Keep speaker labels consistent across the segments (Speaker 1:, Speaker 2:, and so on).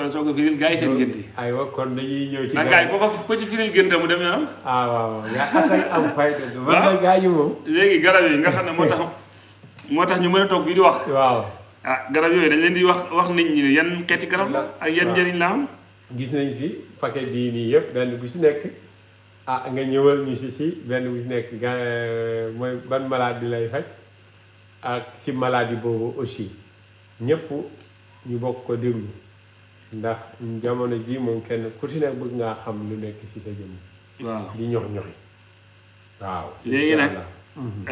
Speaker 1: pare soo ko firil gars yi seen gént yi. aywa kon dañuy ñëw ci. Ah, gars yi boo ko
Speaker 2: ko ci firil gént mu dem yoonam. ah waaw am fayda. waaw gars yi moom. léegi garab yi nga xam ne moo tax moo tax ñu mën a toog fii di wax. waaw ah garab yooyu dañ leen di wax wax nit ñi ne yan xeeti garab la ak yan njëriñ la am. gis nañ fi paquet bii nii yëpp benn bu si nekk ah
Speaker 1: nga ñëwal ñu si si benn bu si nekk ga euh, mooy ban maladie lay faj ak si maladie boobu aussi ñëpp ñu bokk ko déglu. ndax jamono jii moom kenn ku si ne bëgg ngaa xam lu nekk ci sa jëmm waaw di ñox ñoxi
Speaker 2: waaw léegi nag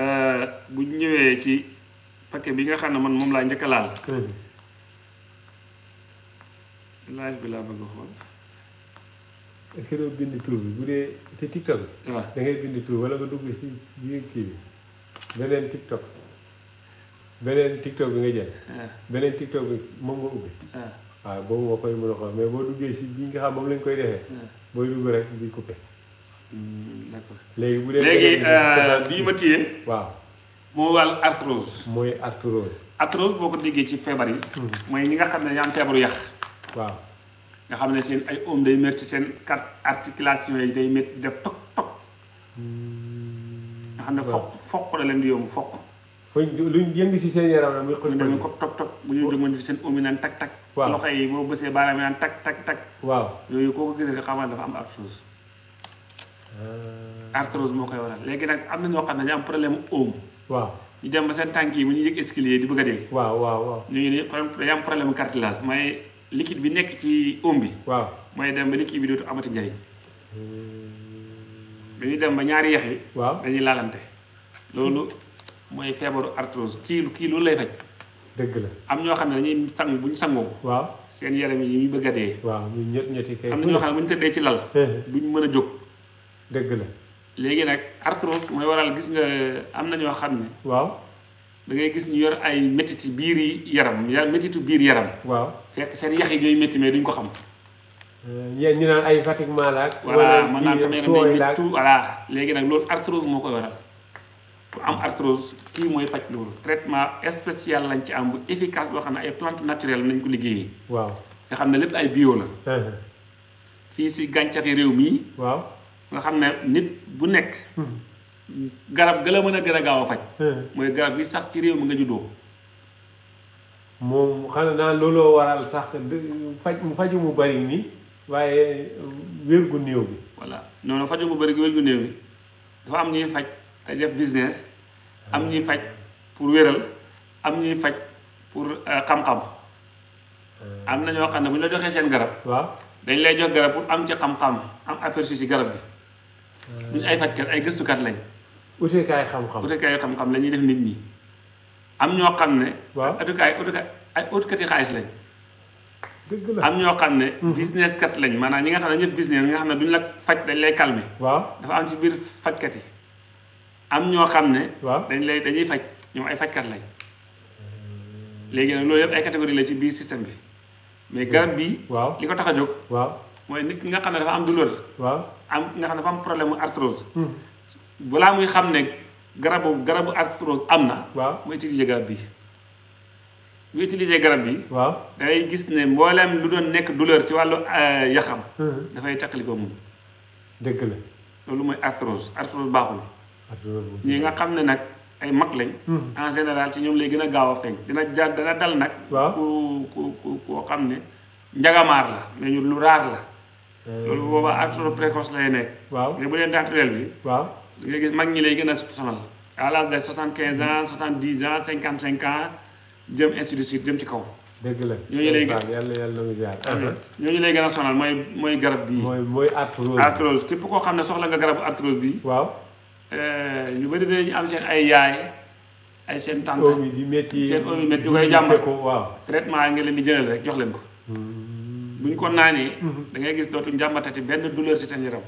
Speaker 2: euh, bu ñëwee ci paquet bi nga xam ne man moom laa njëkk a laal laaj bi laa bëgg
Speaker 1: a xool est-ce bind tur bi bu dee te tiktok waaw da ngay bind tur wala nga dugg si biir kii bi beneen tiktok beneen tiktok bi nga jël beneen tiktok bi moom nga ubbi waaw boobu moo koy mën a xool mais boo duggee si bii nga xam moom lañ koy defee. Hmm. booy dugg rek di coupé. Hmm, léegi bu dee. léegi euh, bii ma téye.
Speaker 2: waaw moo wàll arthrose. mooy arthrose. arthrose boo ci feebar yi. Hmm. mooy ñi nga xam ne ñaan feebaru yàq. waaw nga xam ne seen ay oom day métti seen carte articulation yi day métti def tok tok. nga xam ne foq foq la leen di yomb foq. foog luñ yëngu si seen yaram la muy. xool ko toog bu ñuy jóg seen oom yi naan tak. waaw loxo yi boo bësee baaraam tak tak tak. waaw yooyu ko gis nga xamal dafa am arthrose. Euh. arthrose moo koy léegi nag am na xam ne problème waaw ñu dem ba tànk yi bu ñu yëg escalier di bëgg a dee. waaw waaw waaw ñu ne dañu am problème mu cartilage mooy liquide bi nekk ci oom bi. waaw mooy dem ba liquide bi dootu amati njariñ. Euh. dañuy dem ba ñaari yax yi. waaw dañuy laalante. loolu mooy feebaru arthrose kii kii loolu lay faj. dëgg la am ñoo xam ne dañuy sang bu ñu sangoo. waaw seen yaram yi ñuy bëgg a dee. waaw
Speaker 1: ñun ñett ñetti
Speaker 2: kay. am na ñoo xam ne bu ñu tëddee ci lal. Eh. duñ mën a jóg. dëgg la léegi nag arthrose mooy waral gis nga am na ñoo xam ne. waaw ngay gis ñu ay métiti biir yaram ya métitu biir yaram. waaw fekk seen yax yi ñooy métti ko xam.
Speaker 1: Eh, ñeent ñu naan ay fatiguement la ak. wala maanaam sama
Speaker 2: léegi nag loolu arthrose moo koy waral. ku am arthrose kii mooy faj loolu traitement spécial lañ ci am bu efficace boo xam ne ay plante naturelle nañ ko liggéeyee. waaw nga xam ne lépp ay bio la. fii si gàncaxi réew mii. waaw nga xam ne nit bu nekk. Hmm. garab gën a mën a gën a gaaw a faj. mooy garab gi sax ci réew mi nga juddoo.
Speaker 1: moom xam naa looloo waral sax faj mu faju mu bari nii waaye wér gu néew bi.
Speaker 2: voilà noonu faju mu bari wér gu néew bi dafa am ñuy faj. te def am ñuy faj pour wéral am ñuy faj pour euh, xam-xam euh. am na ñoo xam ne bu la joxee seen garab waaw dañ lay jox pour am ci xam-xam am aperçu garab bi duñu euh. ay fajkat ay gëstukat lañ utekaay xam-xam utekaay xam-xam la ñuy def nit ñi am ñoo xam ne waaw utukaay utukaay ay utukati xaalis lañ am ñoo xam ne hmm. business kat lañ maanaa ñi nga xam ne ñëpp business nga xam ne duñu la faj dañ lay calmer waaw dafa am ci biir fajkat yi am ñoo xam ne. waaw dañ lay dañuy faj ñoom ay fajkat lañ léegi nag loolu yëpp ay catégorie la ci biir système bi mais garab bii. waaw li ko tax a jóg. waaw mooy nit ki nga xam ne dafa am douleur. waaw am nga xam problème mu arthrose. Hmm. muy xam ne garabu garabu arthrose am na. waaw mu utiliser garab bii mu utiliser garab bi waaw da gis ne mbooleem lu doon nekk douleur ci wàllu euh, yaxam. Hmm. dafay teqali ko moom. dëgg la loolu mooy arthrose arthrose baaxul. ñii nga xam ne nag ay mag lañ. Hmm. en général ci ñoom lay gën a gaaw a feeñ. dina ja dina dal nag. ku ku ku koo xam ne njagamaar la mais ñu lu raar la. Euh, loolu boobaa ak solo précoce lay nekk. waaw mais bu dee naturel bi. waaw da ngay ñi lay gën a sonal. à l'âge de soixante quinze ans soixante dix cinquante cinq jëm ainsi de jëm ci kaw. dëgg la ñooñu lay gën yàlla yàlla mu jaar ah ñooñu lay gën a sonal mooy mooy garab bii. mooy mooy arthrose. képp koo xam ne soxla nga garabu arthrose bi. waaw. Eh, ñu bëri dinañ am seen ay yaay ay seen tante seen omi métti ñu koy jàmbat traitement yi nga leen di jëlal rek jox leen ko muñ mm-hmm. ñu ko naanee mm-hmm. da ngay gis dootuñ jàmbatati benn douleur si seen yaram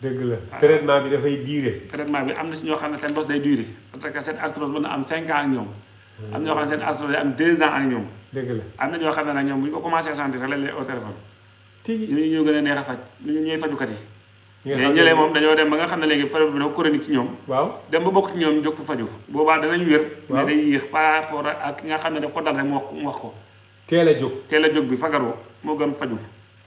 Speaker 1: dëgg la traitement
Speaker 2: bi dafay diire traitement bi am na si ñoo xam ne seen bos day durer parce que seen arthrose mën na am cinq ans ak ñoom mm-hmm. am na ñoo xam ne seen arthrose day am deux ans ak ñoom dëgg la am na ñoo xam ne nag ñoom bu ñu ko commencé sentir rek lañ lay au téléphone ñu ñu ñoo gën a neex fajukat yi mais ñëlee moom dañoo dem ba nga xam ne léegi feebar bi dafa chronique ci ñoom waaw dem ba bokk ci ñoom jóg faju boobaa danañ wér mais day yéex par rapport ak ki nga xam ne daf ko dal rek mu wax mu wax ko teel a jóg teel a jóg bi fagaru moo gën faju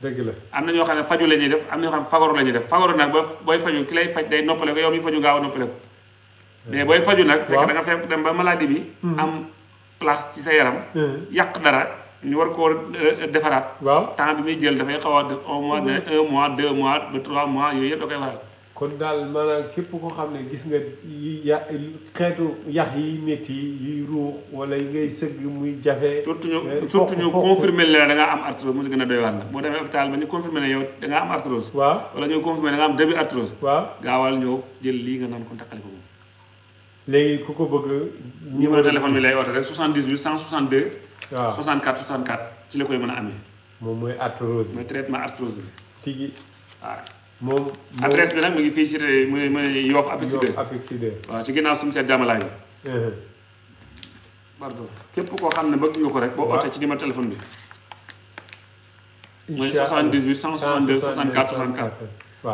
Speaker 2: dëgg la am na ñoo xam ne faju la ñuy def am na ñoo xam ne fagaru ñuy def fagaru nag ba booy faju ki lay faj day noppale ko yow mi faju gaaw a noppale ko mais booy faju nag fekk da nga fekk dem ba maladie bi hmm. am place ci sa yaram hmm. yàq dara ñu war koo euh, defaraat. waaw temps bi muy jël dafay xaw a def un mois de un mois deux mois ba trois mois yooyu yëpp da koy kon
Speaker 1: daal maanaam képp koo xam ne gis nga yi ya xeetu yax yi métti yi ruux wala yi ngay sëgg muy jafe. surtout ñu eh, surtout ñu confirmer la da ngaa
Speaker 2: am arthrose mu si gën a doy waar nag boo demee hôpital ba ñu confirmer ne yow da ngaa am arthrose. waaw wala ñu confirmer da am début arthrose. waaw gaawal ñëw jël lii nga naan ko takkale
Speaker 1: ko ku ko bëgg. numéro téléphone bi
Speaker 2: lay woote rek 78 waaw 64 64 ci la koy mën a amee. moom mooy arthrose bi mooy traitement arthrose bi. tigi waaw. Ah. moom bi nag mu ngi fii si mu ne mu ne Yoff Apecsy waaw ci ginnaaw suñu seet jàmmalaay bi. Uh-huh. pardon képp koo xam ne bëgg nga ko rek. boo ootee ci numéro téléphone bi.
Speaker 1: incha allah mooy 78
Speaker 2: 162 64
Speaker 1: 64.